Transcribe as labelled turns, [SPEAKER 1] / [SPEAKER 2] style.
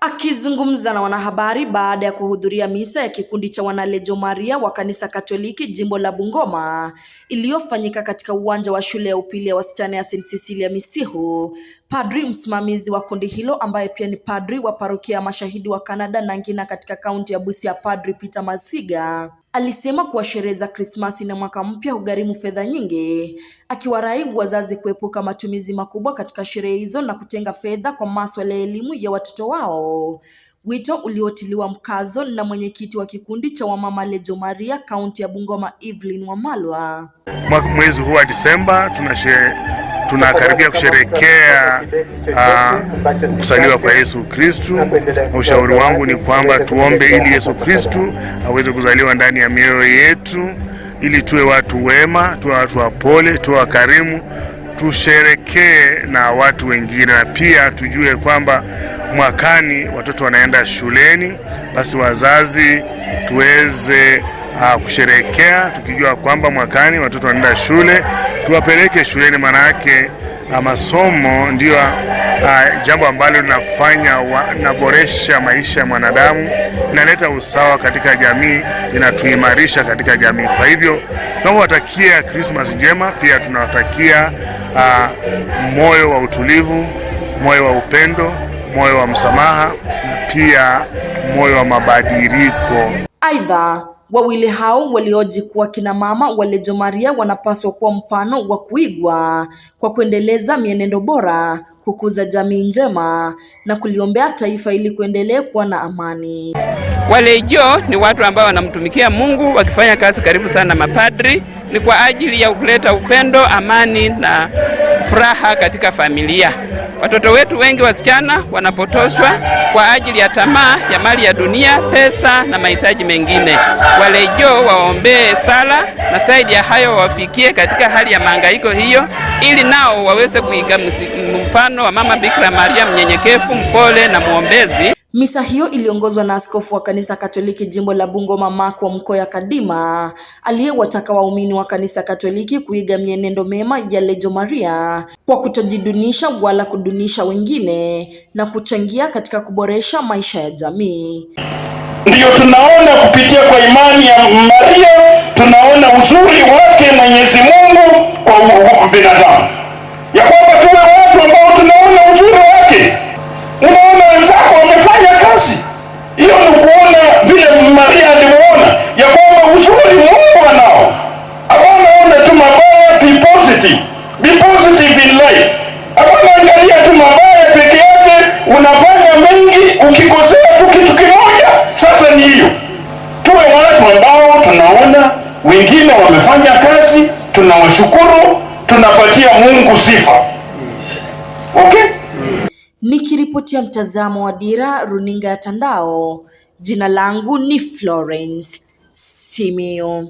[SPEAKER 1] Akizungumza na wanahabari baada ya kuhudhuria misa ya kikundi cha wanalejo Maria wa kanisa Katoliki jimbo la Bungoma iliyofanyika katika uwanja wa shule ya upili ya wasichana ya St Cecilia Misihu, padri msimamizi wa kundi hilo ambaye pia ni padri wa parokia ya Mashahidi wa Kanada na ngina katika kaunti ya Busia, Padri Peter Masiga alisema kuwa sherehe za Krismasi na mwaka mpya hugharimu fedha nyingi, akiwaraibu wazazi kuepuka matumizi makubwa katika sherehe hizo na kutenga fedha kwa masuala ya elimu ya watoto wao. Wito uliotiliwa mkazo na mwenyekiti wa kikundi cha wamama Lejo Maria kaunti ya Bungoma Evelyn Wamalwa.
[SPEAKER 2] Mwezi huu wa Disemba tunashe tunakaribia kusherekea ah, kusaliwa kwa Yesu Kristu. Ushauri wangu ni kwamba tuombe ili Yesu Kristu aweze kuzaliwa ndani ya mioyo yetu, ili tuwe watu wema, tuwe watu wapole, tuwe wakarimu, tusherekee na watu wengine, na pia tujue kwamba mwakani watoto wanaenda shuleni, basi wazazi tuweze ah, kusherekea tukijua kwamba mwakani watoto wanaenda shule tuwapeleke shuleni, maanayake ah, masomo ndiyo ah, jambo ambalo linafanya naboresha maisha ya mwanadamu, inaleta usawa katika jamii, inatuimarisha katika jamii. Kwa hivyo tunavowatakia Krismas njema, pia tunawatakia ah, moyo wa utulivu, moyo wa upendo, moyo wa msamaha pia moyo wa mabadiriko
[SPEAKER 1] Aidha Wawili hao walioji kuwa kina mama wa Legio Maria wanapaswa kuwa mfano wa kuigwa kwa kuendeleza mienendo bora, kukuza jamii njema na kuliombea taifa ili kuendelee kuwa na amani.
[SPEAKER 3] walejo ni watu ambao wanamtumikia Mungu wakifanya kazi karibu sana mapadri, ni kwa ajili ya kuleta upendo, amani na furaha katika familia. Watoto wetu wengi wasichana wanapotoshwa kwa ajili ya tamaa ya mali ya dunia, pesa na mahitaji mengine. Walejoo waombee sala na saidi ya hayo wawafikie katika hali ya mahangaiko hiyo, ili nao waweze kuiga mfano wa mama Bikira Maria mnyenyekevu, mpole na mwombezi
[SPEAKER 1] Misa hiyo iliongozwa na askofu wa kanisa Katoliki jimbo la Bungoma Makwa ya Kadima, aliyewataka waumini wa kanisa Katoliki kuiga mienendo mema ya Lejo Maria kwa kutojidunisha wala kudunisha wengine na kuchangia katika kuboresha maisha ya jamii.
[SPEAKER 2] Ndiyo tunaona kupitia kwa imani ya Maria, tunaona uzuri wake Mwenyezi Mungu kwa binadamu. tunawashukuru, tunapatia Mungu sifa.
[SPEAKER 1] Okay. Nikiripotia mtazamo wa Dira Runinga ya Tandao, jina langu ni Florence Simio.